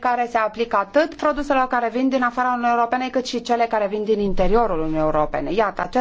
care se aplică atât produselor care vin din afara Uniunii Europene, cât și cele care vin din interiorul Uniunii Europene. Iată, acest